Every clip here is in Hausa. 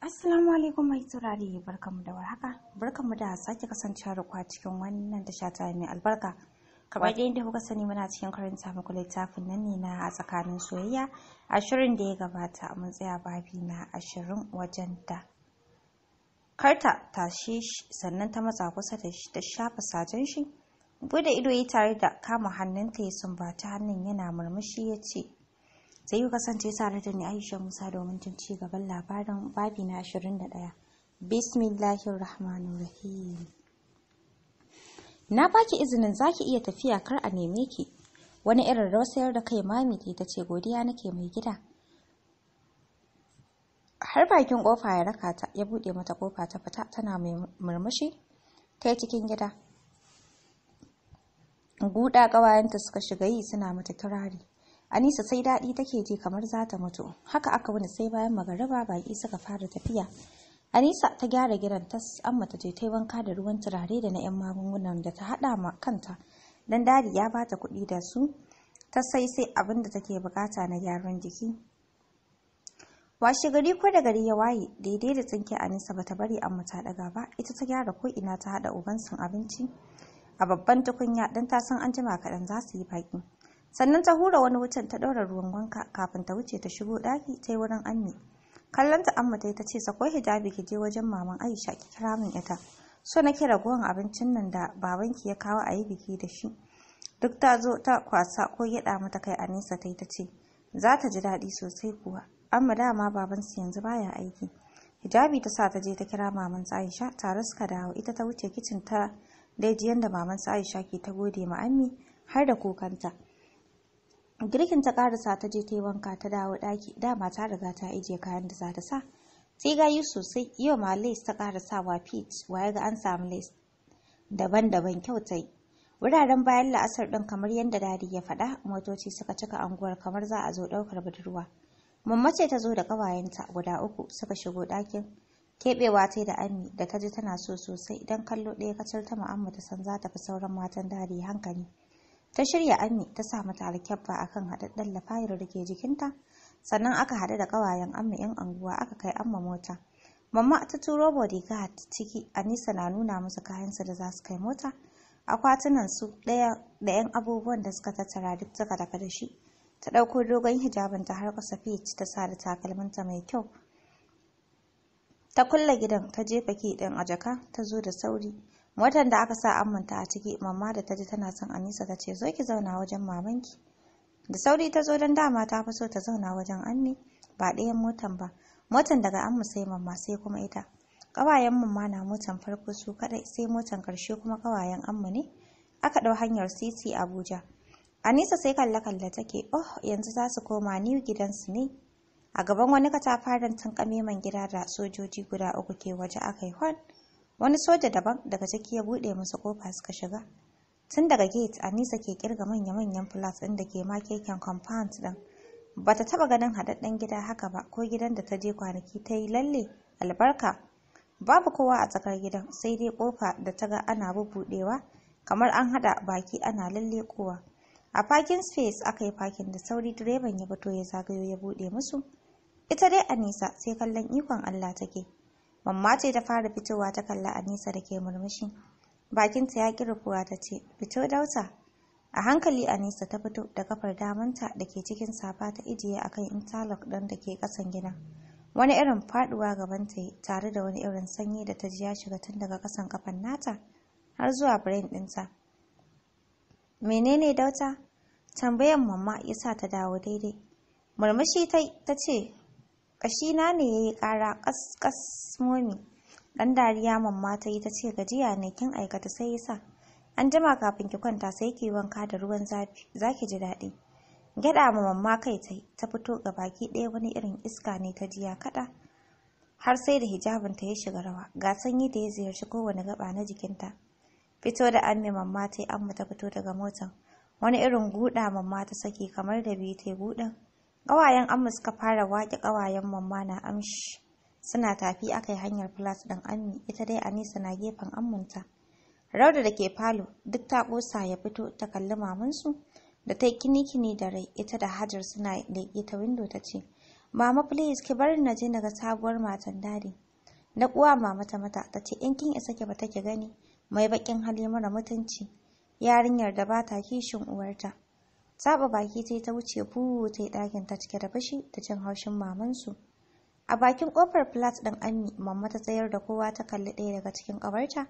Assalamu alaikum mai saurari barkamu da warhaka barkamu da sake kasancewa da kwa cikin wannan tasha ta mai albarka kamar da inda kuka sani muna cikin karanta muku littafin nan ne na a tsakanin soyayya ashirin da ya gabata mun tsaya babi na ashirin wajen da karta ta shi sannan ta matsa kusa da shi ta shafa sajen shi bude ido ya tare da kama hannunta ya sumbata hannun yana murmushi ya ce sai ku kasance tare da ni Aisha Musa domin tun ci gaban labarin babi na 21. Bismillahir Rahmanir Rahim. Na baki izinin zaki iya tafiya kar a neme ki. Wani irin rausayar da kai mami ke ta ce godiya nake mai gida. Har bakin kofa ya raka ta ya bude mata kofa ta fita tana mai murmushi ta cikin gida. Guda ƙawayenta suka shiga yi suna mata kirari. Anisa sai daɗi take ji kamar za ta mutu. Haka aka wani sai bayan magariba baki suka fara tafiya. Anisa ta gyara gidan ta amma ta je ta wanka da ruwan turare da na 'yan magungunan da ta haɗa ma kanta. Dan dadi ya bata kuɗi da su ta sai sai abin da take bukata na gyaran jiki. Washe gari ko da gari ya waye daidai da tsinke Anisa bata bari amma ta daga ba ita ta gyara ko ina ta haɗa ubansin abinci a babban tukunya dan ta san an jima kaɗan za su yi baƙi. sannan ta hura wani wucin ta ɗaura ruwan wanka kafin ta wuce ta shigo ɗaki ta yi wurin ammi kallon ta amma ta ce sako hijabi ki je wajen maman aisha ki kira min ita so na nake ragowar abincin nan da babanki ya kawo a yi biki da shi duk ta zo ta kwasa ko gyaɗa mata kai a nesa ta yi ta ce za ta ji daɗi sosai kuwa amma dama babansu yanzu baya aiki hijabi ta sa ta je ta kira maman aisha tare suka dawo ita ta wuce kicin ta daidai yadda maman aisha ke ta gode ma'ammi har da kokanta girkin ta karasa ta je ta yi wanka ta dawo daki dama ta riga ta ajiye kayan da za ta sa sai gayu sosai yau ma lace ta wa peach waye ga an samu lace daban-daban kyau ta wuraren bayan la'asar ɗin kamar yadda dadi ya faɗa motoci suka cika anguwar kamar za a zo ɗaukar budurwa mammace ta zo da kawayenta guda uku suka shigo ɗakin keɓewa ta da ami da ta ji tana so sosai don kallo ɗaya kacal ta mu'amma ta san za ta fi sauran matan dadi hankali ta shirya ammi ta sa mata alkyabba akan haɗaɗɗen lafayar da ke jikinta sannan aka haɗu da ƙawayen amma yan anguwa aka kai amma mota mamma ta turo bodyguard ciki nisa na nuna musu kayansa da za su kai mota akwatunan su ɗaya da yan abubuwan da suka tattara duk suka daga da shi ta ɗauko dogon hijabin ta harka ƙasa ta sa da takalminta mai kyau ta kulle gidan ta jefa ki ɗin a jaka ta zo da sauri motar da aka sa amanta a ciki mamma da ta ji tana son anisa ta ce zo ki zauna wajen mamanki da sauri ta zo don dama ta fi so ta zauna wajen anni ba ɗayan motan ba motan daga amma sai mamma sai kuma ita ƙawayen mamma na motan farko su kaɗai sai motan ƙarshe kuma ƙawayen amma ne aka ɗau hanyar titi abuja anisa sai kalle-kalle take oh yanzu za su koma new gidansu ne a gaban wani katafaren tankame gida da sojoji guda uku ke waje aka yi hon wani soja daban daga ciki ya buɗe musu kofa suka shiga tun daga gate anisa ke kirga manya-manyan flats ɗin da ke ma keken compound ɗin ba ta taɓa ganin haɗaɗɗen gida haka ba ko gidan da ta je kwanaki ta yi lalle albarka babu kowa a tsakar gidan sai dai kofa da ta ga ana bubuɗewa kamar an haɗa baki ana lalle kowa. a parking space aka yi parking da sauri direban ya fito ya zagayo ya buɗe musu ita dai anisa sai kallon ikon allah take Mamma ce ta fara fitowa ta kalla a Anisa da ke murmushi. Bakinta ya ƙi rufuwa ta ce, Fito dauta. A hankali a Anisa ta fito da kafar damanta da ke cikin safa ta ijiye a kan interlock ɗin da ke ƙasan gina. Wani irin faɗuwa gaban ta tare da wani irin sanyi da ta ji ya shiga tun daga ƙasan kafan nata har zuwa brain ɗinta. Menene dauta? Tambayan mamma ya sa ta dawo daidai. Murmushi ta ce, Ƙashina ne ya yi kara kaskas momi. Ɗan dariya mamma ta yi ta ce gajiya ne kin aikata sai ya sa. An jima kafin ki kwanta sai ki wanka da ruwan zafi za ki ji daɗi. Gyaɗa ma mamma kai ta ta fito ga baki ɗaya wani irin iska ne ta jiya kaɗa. Har sai da ta ya shiga rawa ga sanyi da ya ziyarci kowane gaba na jikinta. Fito da amme mamma ta yi amma ta fito daga motan. Wani irin guda mamma ta saki kamar da biyu ta yi gudan. Ƙawayen Amma suka fara waƙe ƙawayen mamma na amshi. Suna tafi akai hanyar filas ɗin Ammi, ita dai Anisa na gefen ammunta. Rauda da ke falo duk ta ƙosa ya fito ta kalli mamansu da ta yi kini da rai ita da Hajar suna leƙe ta windo ta ce, Mama please ki bari na je na sabuwar matan dadi. Na kuwa mama ta mata ta ce in kin isa ki ba take gani mai baƙin hali mara mutunci yarinyar da ba ta kishin uwarta. Saba baki ta ta wuce fu ta yi ɗakin ta cike da fashi da cin haushin mamansu. A bakin Kofar flat ɗin Ammi, mamma ta tsayar da kowa ta kalli ɗaya daga cikin ƙawarta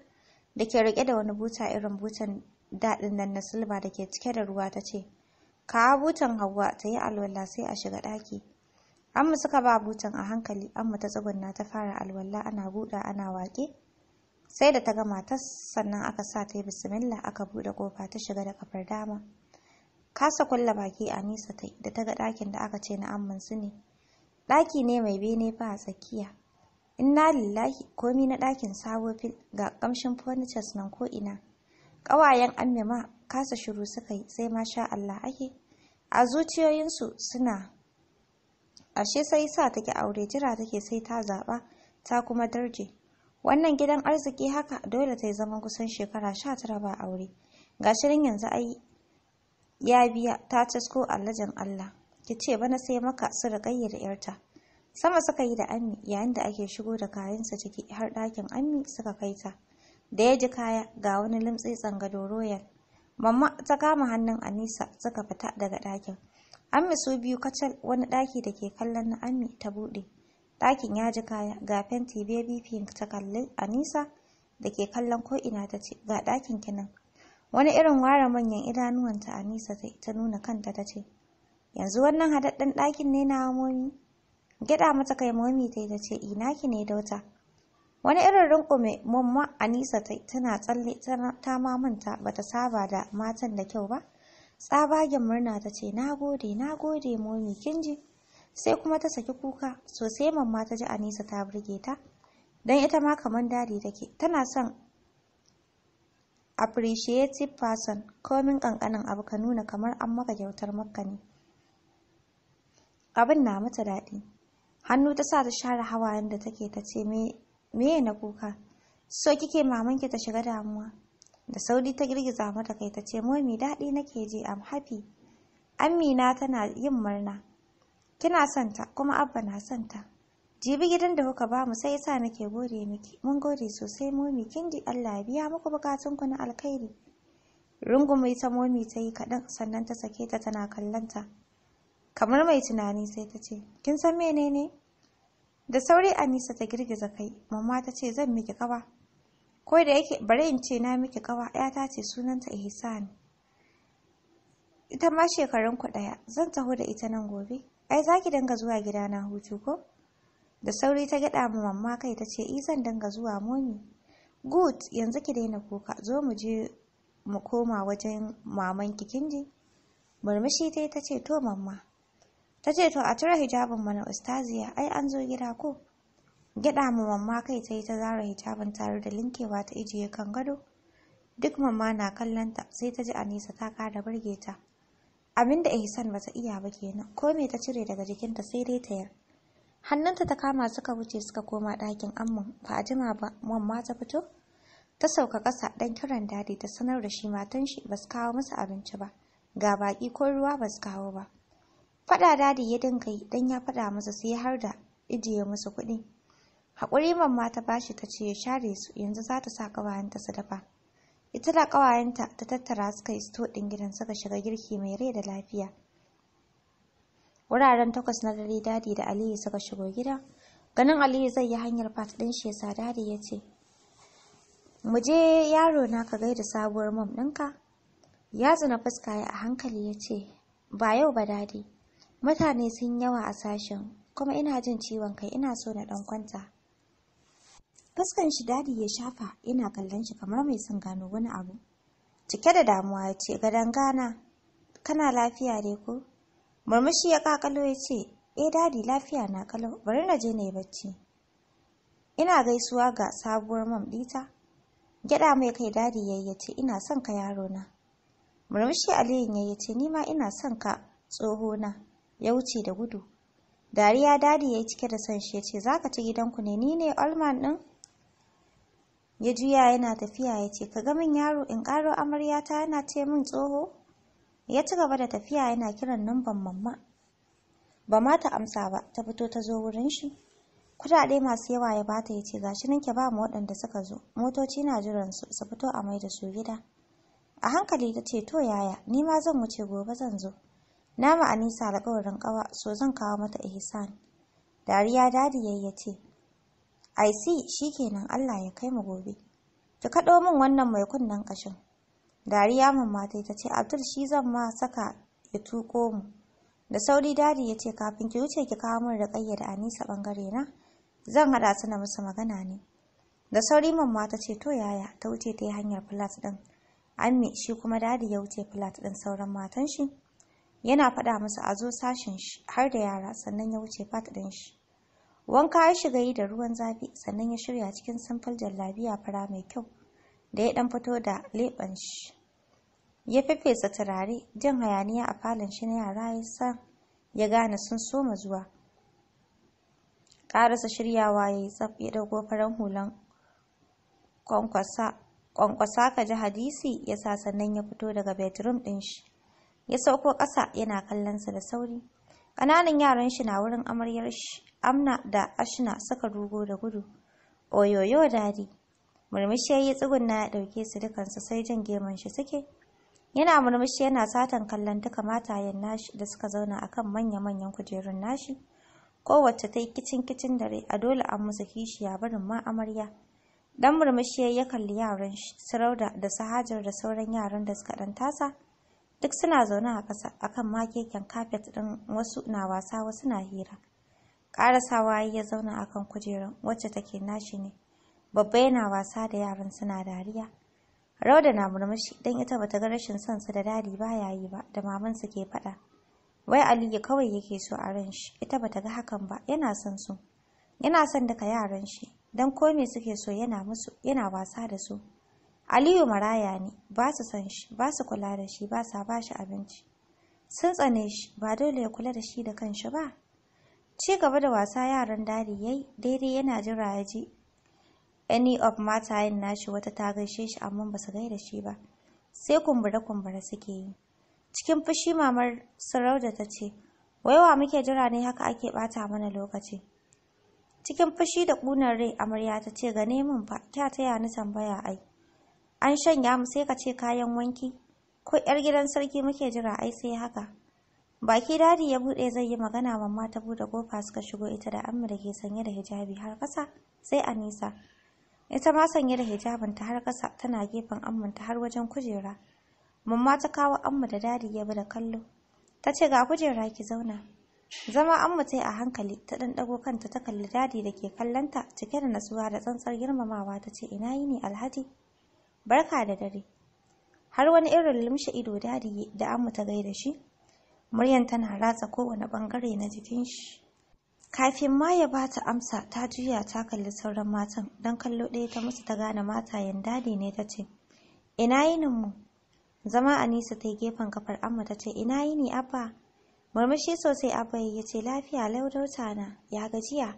da ke riƙe da wani buta irin butan daɗin nan na silba da ke cike da ruwa ta ce, Kawo butan Hauwa ta yi alwala sai a shiga ɗaki. Amma suka ba butan a hankali, amma ta tsugunna ta fara alwala ana buɗa ana waƙe. Sai da ta gama tas sannan aka sa ta yi bismillah aka buɗe ƙofa ta shiga da kafar dama. Kasa kulla baki a nisa ta da ta ga ɗakin da aka ce na amman su ne. Ɗaki ne mai bene fa a tsakiya. Inna lillahi komi na ɗakin sabo fil ga ƙamshin furnitures nan ko ina. Ƙawayen amme ma kasa shiru suka yi sai ma sha Allah ake. A zuciyoyinsu suna ashe sai sa take aure jira take sai ta zaɓa ta kuma darje. Wannan gidan arziki haka dole ta yi zaman kusan shekara sha tara ba aure. Ga shirin yanzu ai ya biya ta ko allajin Allah ki ce bana sai maka su riƙayya da yarta sama suka yi da ammi yayin da ake shigo da kayansa ciki har ɗakin ammi suka kai ta da ya ji kaya ga wani limtsi gado royal mamma ta kama hannun anisa suka fita daga ɗakin ammi su biyu kacal wani ɗaki da ke kallon na ammi ta buɗe ɗakin ya ji kaya ga fenti baby pink ta kalli anisa da ke kallon ko'ina ta ce ga ɗakin kinan wani irin ware manyan idanuwanta Anisa ta ta nuna kanta ta ce, Yanzu wannan haɗaɗɗen ɗakin ne na momi. Gida mata kai momi ta ta ce, Ina ki ne dauta. Wani irin rinko mai mamma Anisa ta tana tsalle ta mamanta ta saba da matan da kyau ba. Tsabagen murna ta ce, Na gode, na gode momi kin ji. Sai kuma ta saki kuka sosai mamma ta ji Anisa ta burge ta. Don ita ma kamar dadi take, tana son appreciative person komin kankanin abu ka nuna kamar an maka kyautar makka ne abin na mata daɗi hannu ta sa ta share hawayen da take ta ce meye na kuka so kike mamanki ta shiga damuwa da sauri ta girgiza mata kai ta ce momi daɗi nake ji am happy amina tana yin murna kina santa kuma abba na santa jibi gidan da kuka bamu sai yasa nake gode miki mun gode sosai momi kindi Allah ya biya muku bukatun ku na alkhairi rungume ta momi ta yi kaɗan sannan ta sake ta tana kallonta kamar mai tunani sai ta ce kin san menene da sauri anisa ta girgiza kai mamma ta ce zan miki kawa ko da yake bari in ce na miki kawa ta ce sunanta ihsan ita ma shekarun ku ɗaya zan taho da ita nan gobe ai zaki danga zuwa gidana hutu ko Da sauri ta gyaɗa ma mamma kai ta ce, zan danga zuwa moni. Good, yanzu ki daina kuka, zo mu je mu koma wajen maman kikinji. Murmushi ta ta ce, to mamma. Ta ce, to a tura hijabin mana ustaziya, ai an zo gida ko? Gyaɗa ma mamma kai ta yi ta zara hijabin tare da linkewa ta ijiye kan gado. Duk mamma na kallonta sai ta ji a nesa ta kara burge ta. Abinda Ihsan bata iya ba kenan, ko me ta cire daga jikinta sai dai ta yi. hannunta ta kama suka wuce suka koma ɗakin amman ba a jima ba mamma ta fito ta sauka ƙasa ɗan kiran dadi ta sanar da shi matan shi ba su kawo masa abinci ba ga baƙi ko ruwa ba su kawo ba faɗa dadi ya dinga yi don ya faɗa masa sai har da ijiye musu kuɗi haƙuri mamma ta bashi ta ce ya share su yanzu za ta sa ƙawayenta su dafa ita da ƙawayenta ta tattara suka yi sto ɗin gidan suka shiga girki mai rai da lafiya Wuraren takwas na dare dadi da Aliyu suka shigo gida. Ganin Aliyu zai yi hanyar fat ɗin shi yasa dadi ya ce, Mu je yaro na ka gaida sabuwar mom ɗinka. Ya tsina fuska ya a hankali ya ce, Ba yau ba dadi. Mutane sun yawa a sashen, kuma ina jin ciwon kai ina so na ɗan kwanta. Fuskan shi dadi ya shafa ina kallon shi kamar mai son gano wani abu. Cike da damuwa ya ce, ga gana, kana lafiya dai ko? Murmushi ya kakalo ya ce, "E eh, dadi lafiya na kalau, bari na je na yi bacci." Ina gaisuwa ga sabuwar mam ɗita. Gyaɗa mai kai dadi ya ce, "Ina son ka yaro na." Murmushi Aliyu yayi ya ce, "Ni ma ina son ka tsoho na." Ya wuce da gudu. Dariya dadi yi cike da son shi ya ce, "Za ka ci gidanku ne, ni ne Olman ɗin?" Ya juya yana tafiya ya ce, "Ka ga min yaro in ƙaro amaryata yana ce min tsoho?" ya ci gaba da tafiya yana kiran namban mamma ba ma ta amsa ba ta fito ta zo wurin shi kudade masu yawa ya bata ya ce gashi nan ki ba mu waɗanda suka zo motoci na jiran su su fito a mai da su gida a hankali ta ce to yaya ni ma zan wuce gobe zan zo na ma anisa alƙawarin ƙawa so zan kawo mata ihsan dariya dadi yayi ya ce i see shikenan Allah ya kai mu gobe ki kaɗo min wannan mai kunnen ƙashin dariya mamma ta ta ce abdul shi zan ma saka ya tuko mu da sauri dadi ya ce kafin ki wuce ki kawo min raƙayya da anisa ɓangare na zan haɗa su na musu magana ne da sauri mamma ta ce to yaya ta wuce ta yi hanyar flat ɗin ammi shi kuma dadi ya wuce flat ɗin sauran matan shi yana faɗa masa a zo sashen shi har da yara sannan ya wuce fat ɗin shi wanka ya shiga yi da ruwan zafi sannan ya shirya cikin simple jallabiya fara mai kyau da ya dan fito da leɓen shi ya fefesa turare jin hayaniya a falon shi na yara ya sa ya gane sun soma zuwa Karasa shiryawa ya yi tsaf ya ɗago farar hulan kwankwasa ka ji hadisi ya sa sannan ya fito daga bedroom ɗin shi ya sauko ƙasa yana kallonsa da sauri ƙananan yaran shi na wurin amaryar shi amna da ashna suka rugo da gudu oyoyo dadi murmushi yayi tsugunna ya dauke su dukansu sai jin geman shi suke yana murmushi yana satan kallon duka matayen nashi da suka zauna akan manya-manyan kujerun nashi kowace ta yi kicin kicin dare a dole an musu kishiya barin ma amarya dan murmushi ya kalli yaran shi sarauda da sahajar da sauran yaran da suka dan tasa duk suna zaune a ƙasa akan makeken kafet ɗin wasu na wasa wasu na hira ƙarasawa ya zauna akan kujerun wacce take nashi ne babba yana wasa da yaran suna dariya rauda na murmushi don ita bata ga rashin son su da dadi ba ya yi ba da maman su ke faɗa wai aliyu kawai yake so a ran shi ita bata ga hakan ba yana son su yana son duka yaran shi don ko me suke so yana musu yana wasa da su aliyu maraya ne ba su son shi ba su kula da shi ba sa ba shi abinci sun tsane shi ba dole ya kula da shi da kanshi ba ci gaba da wasa yaran dadi yayi daidai yana jira ya ji any of matayen nashi wata ta gaishe shi amma ba su gaida shi ba sai kumbura-kumbura suke yi cikin fushi mamar sarauda ta ce waiwa muke jira ne haka ake bata mana lokaci cikin fushi da ƙunar rai amarya ta ce gane neman fa ta taya ni tambaya ai an shanya mu sai ka ce kayan wanki ko yar gidan sarki muke jira ai sai haka baki dadi ya bude zai yi magana mamma ta bude kofa suka shigo ita da amma da ke sanye da hijabi har kasa sai anisa ita ma sanye da hijabinta har ƙasa tana gefen ta har wajen kujera mamma ta kawo amma da dadi ya bi da kallo ta ce ga kujera ki zauna zama amma ta yi a hankali ta ɗanɗako kanta ta kalli dadi da ke kallonta cike da natsuwa da tsantsar girmamawa ta ce ina yi ne alhaji barka da dare har wani irin lumshe ido dadi da amma ta gaida shi muryan tana ratsa kowane ɓangare na jikin shi Kafin ma ya ba ta amsa, ta juya ta kalli sauran matan don kallo ɗaya ta musu ta gane mata dadi ne ta ce, Ina yinin mu? Zama Anisa ta yi gefen kafar amma ta ce, Ina yini abba? Murmushi sosai abba ya ce, Lafiya laudauta na, ya gajiya.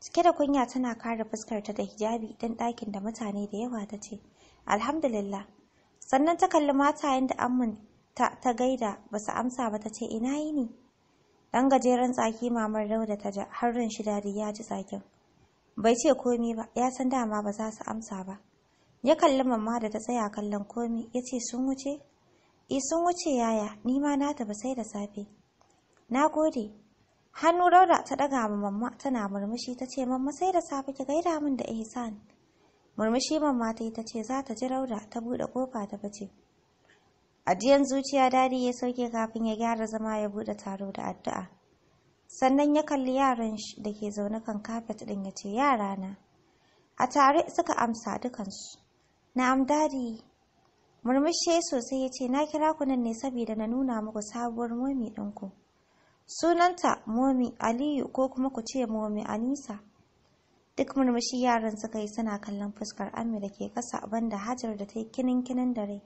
Cike da kunya tana kare fuskarta da hijabi don ɗakin da mutane da yawa ta ce, Alhamdulillah. Sannan ta kalli matayen da amman ta, gaida ba su amsa ba ta ce, Ina yini? Dan gajeren tsaki mamar rauda ta ja har ran shi dadi ya ji tsakin. Bai ce komi ba, ya san dama ba za su amsa ba. Ya kalli mamma da ta tsaya kallon komi, ya ce sun wuce? I e, sun wuce yaya, ni ma na tafi sai da safe. Na gode. Hannu rauda ta ɗaga ma mamma tana murmushi ta ce mamma sai da safe ki gaida min da Ihsan. Murmushi mamma ta yi ta ce za ta ji rauda ta buɗe kofa ta fice. Ajiyan zuciya dadi ya sauke kafin ya gyara zama ya bude taro da addu'a. Sannan ya kalli yaran da ke zaune kan kafet din ya ce yara na. A tare suka amsa dukansu. Na'am dadi. Murmushi sosai ya ce na kira ku nan ne saboda na nuna muku sabuwar momi ɗinku. Sunanta momi Aliyu ko kuma ku ce momi Anisa. Duk murmushi yaran suka yi suna kallon fuskar Ami da ke ƙasa banda Hajar da ta yi kinin kinin da rai.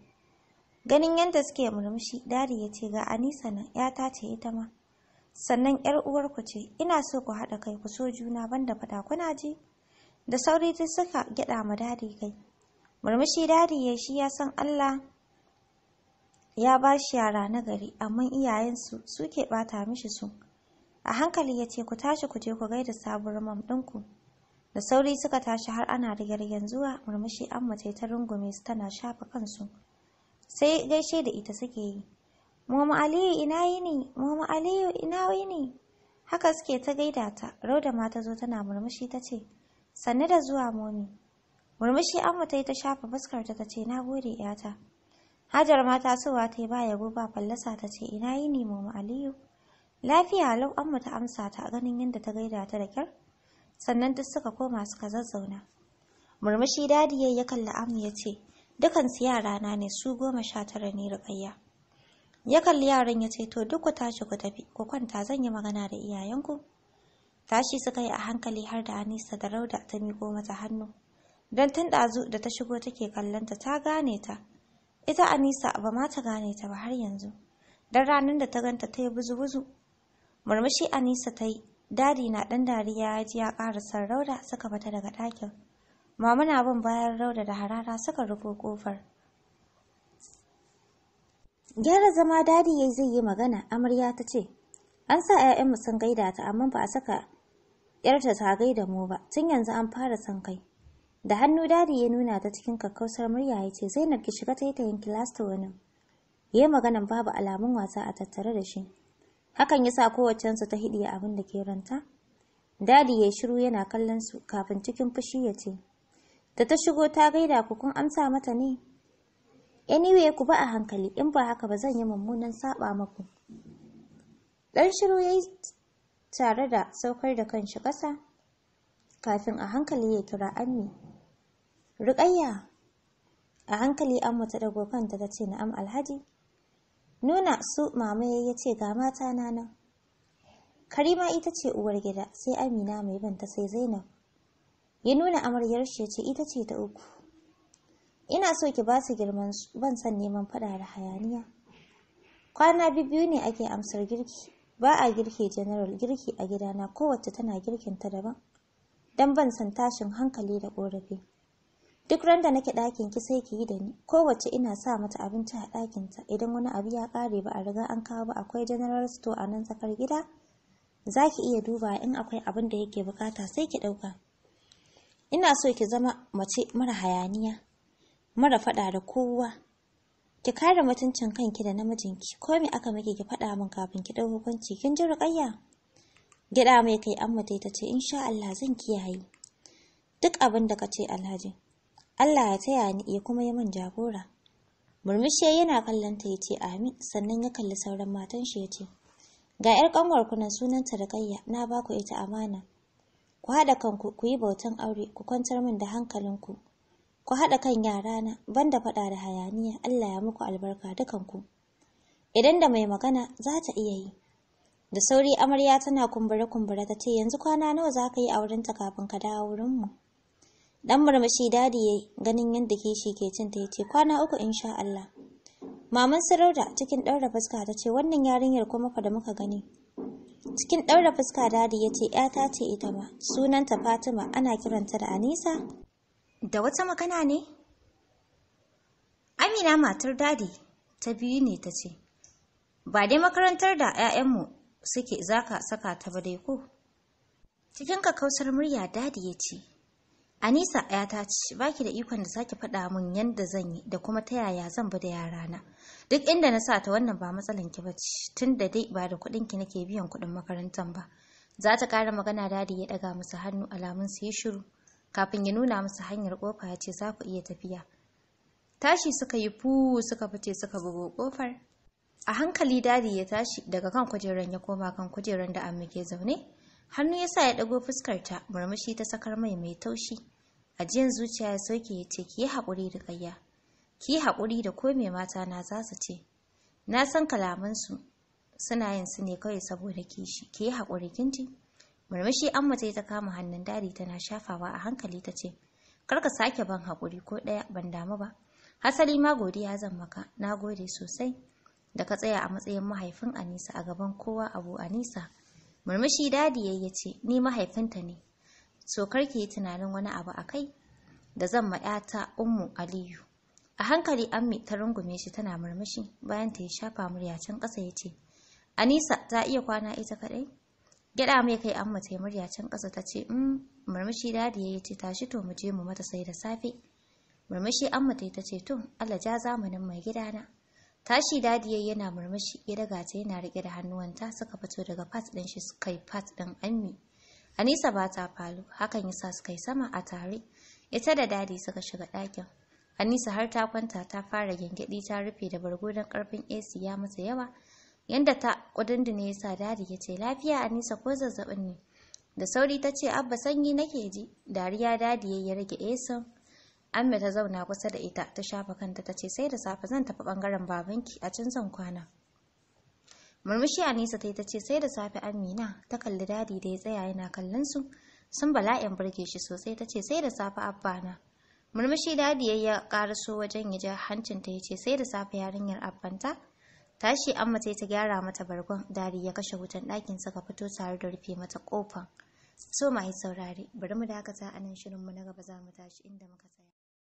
ganin yadda suke murmushi dadi ya ce ga anisa nan yata ce ita ma sannan yar uwar ku ce ina so ku haɗa kai ku so juna banda fada kuna ji da sauri duk suka gyaɗa ma dadi kai murmushi dadi ya shi ya san allah ya ba shi yara na gari amma iyayensu suke ɓata mishi su a hankali ya ce ku tashi ku je ku gaida sabuwar mam ɗinku da sauri suka tashi har ana rigar zuwa murmushi amma ta rungume su tana shafa kansu sai gaishe da ita suke yi Mama Aliyu ina yi ne? Mama Aliyu ina ne? Haka suke ta gaida ta, Rauda ma ta zo tana murmushi ta ce, Sannu da zuwa momi. Murmushi an ta ta shafa fuskar ta ta ce, Na gode ‘yata. Hajar ma ta so ta yi ba yabo ba fallasa ta ce, Ina yi ne Mama Aliyu? Lafiya lau mu ta amsa ta ganin yadda ta gaida ta da kyar. Sannan duk suka koma suka zazzauna. Murmushi dadi ya kalli amu ya ce, dukansu na ne su goma sha tara ne rukayya ya kalli yaran ya ce to duk ku tashi ku tafi ku kwanta zan yi magana da iyayenku tashi suka yi a hankali har da anisa da rauda ta miko mata hannu don tun ɗazu da ta shigo take kallonta ta gane ta ita anisa ba ma ta gane ta ba har yanzu don ranar da ta ganta ta yi buzu-buzu murmushi anisa ta yi dadi na ɗan dariya ya ji ya ƙara rauda suka fita daga ɗakin Mama abin bayan Rauda da harara suka rufo kofar. Gyara zama dadi ya zai yi magana, amarya ta ce, An sa ‘ya'yanmu sun gaida ta, amma ba a saka ‘yarta ta gaida mu ba, tun yanzu an fara san kai. Da hannu dadi ya nuna ta cikin kakkausar murya ya ce, Zainab ki shiga ta yi ta yanki lasta wani. Ya maganan babu alamun wasa a tattare da shi. Hakan ya sa kowacensu ta hidiya abin da ke ranta. Dadi ya shiru yana kallon su kafin cikin fushi ya ce, Da ta shigo ta gaida ku kun amsa mata ne? Anyway ku ba a hankali in ba haka ba zan yi mummunan saba maku. Dan shiru yayi tare da saukar da kanshi ƙasa kafin a hankali ya kira Ammi. Ruƙayya a hankali an ta dago kanta ta ce na'am Alhaji. Nuna su mama yayi ce ga mata na Karima ita ce uwar gida sai Amina mai banta sai Zainab. ya nuna amaryar shi ce ita ce ta uku ina so ki ba su girman ban san neman fada da hayaniya kwana biyu ne ake amsar girki ba a girki general girki a gidana kowace tana girkin ta daban Don ban san tashin hankali da korafi duk randa nake ɗakin ki sai ki yi da ni kowace ina sa mata abinci a ɗakinta. idan wani abu ya ƙare ba a riga an kawo ba akwai general store a nan tsakar gida za ki iya duba in akwai abin da yake bukata sai ki ɗauka ina so ki zama mace mara hayaniya mara faɗa da kowa ki kare mutuncin kanki da namijinki ko me aka miki ki faɗa min kafin ki ɗau hukunci kin ji ruqayya gida mai kai amma ta ce insha Allah zan kiyaye duk abin da ka ce Alhaji Allah ya taya ni ya kuma yi min jagora murmushi yana kallon ta yace amin sannan ya kalli sauran matan shi yace ga yar kanwar kunan sunanta da kayya na baku ita amana ku haɗa kanku ku yi bautan aure ku kwantar min da hankalinku ku haɗa kan yarana ban da faɗa da hayaniya Allah ya muku albarka dukanku idan da mai magana za ta iya yi da sauri amarya tana kumbura-kumbura, ta ce yanzu kwana nawa za ka yi a wurinta kafin ka dawo wurinmu dan murmushi dadi yayi ganin yadda kishi ke cinta ya ce kwana uku insha Allah maman sarauda cikin ɗaura fuska ta ce wannan yarinyar kuma fa da muka gani Cikin ɗaura fuska dadi ya ce ‘yata ce ita ma, sunanta Fatima ana kiranta da Anisa? Da wata magana ne? Amina matar dadi ta biyu ne ta ce, Ba dai makarantar da ‘ya'yanmu suke zaka saka ta ba dai ko? Cikin kakausar murya dadi ya ce, Anisa ‘yata ce, ba ki da ikon da sake faɗa mun yadda zan yi da kuma ta yaya zan bi da yarana. duk inda na sa ta wannan ba matsalan ki bace da dai ba da kuɗin ki nake biyan kuɗin makarantar ba za ta ƙara magana dadi ya ɗaga musu hannu alamun su yi shiru kafin ya nuna musu hanyar ƙofa ya ce za ku iya tafiya tashi suka yi fu suka fice suka bugo ƙofar a hankali dadi ya tashi daga kan kujeran ya koma kan kujeran da amma ke zaune hannu ya sa ya ɗago ta murmushi ta sakar mai mai taushi ajiyan zuciya ya sauke ya ce ki yi haƙuri da ƙayya ki haƙuri da ko mai mata na za su ce na san kalamansu suna yin su ne kawai saboda kishi ki haƙuri kinji murmushi amma ta ta kama hannun dadi tana shafawa a hankali ta ce kar ka sake ban haƙuri ko ɗaya ban damu ba hasali ma godiya zan maka na gode sosai da ka tsaya a matsayin mahaifin anisa a gaban kowa abu anisa murmushi dadi yayi ce ni mahaifinta ne so karki yi tunanin wani abu a kai da zan ma 'yata ummu aliyu a hankali ammi ta rungume shi tana murmushi bayan ta yi shafa murya can ƙasa ya ce anisa ta iya kwana ita kaɗai gyaɗa mai kai amma ta yi murya can ƙasa ta ce um murmushi dadi ya ce tashi to mu je mu mata sai da safe murmushi amma ta yi ta ce to allah ja zamanin mai gidana tashi dadi yana murmushi ya daga ta yana rike da hannuwanta suka fito daga fat ɗin shi suka yi fat ɗin ammi anisa ba ta falo hakan yasa suka yi sama a tare ita da dadi suka shiga ɗakin Anisa har ta kwanta ta fara gyangyaɗi ta rufe da bargo don ƙarfin AC ya masa yawa. Yanda ta ne ya sa dadi ya ce lafiya Anisa ko zazzaɓin ne. Da sauri ta ce abba sanyi nake ji. Dariya dadi ya rage ac Amma ta zauna kusa da ita ta shafa kanta ta ce sai da safe zan tafi bangaren babanki a can zan kwana. Murmushi Anisa ta yi ta ce sai da safe Amina ta kalli dadi da ya tsaya yana kallon su. Sun bala'in burge shi sosai ta ce sai da safe abba na. murmushi dadi ya karaso wajen ya ja hancinta ya ce sai da safe yarinyar abbanta tashi amma sai ta gyara mata bargon dari ya kashe wutan ɗakin suka fito tare da rufe mata kofan so mai saurare bari mu dakata a nan shirinmu na gaba za mu tashi inda muka tsaya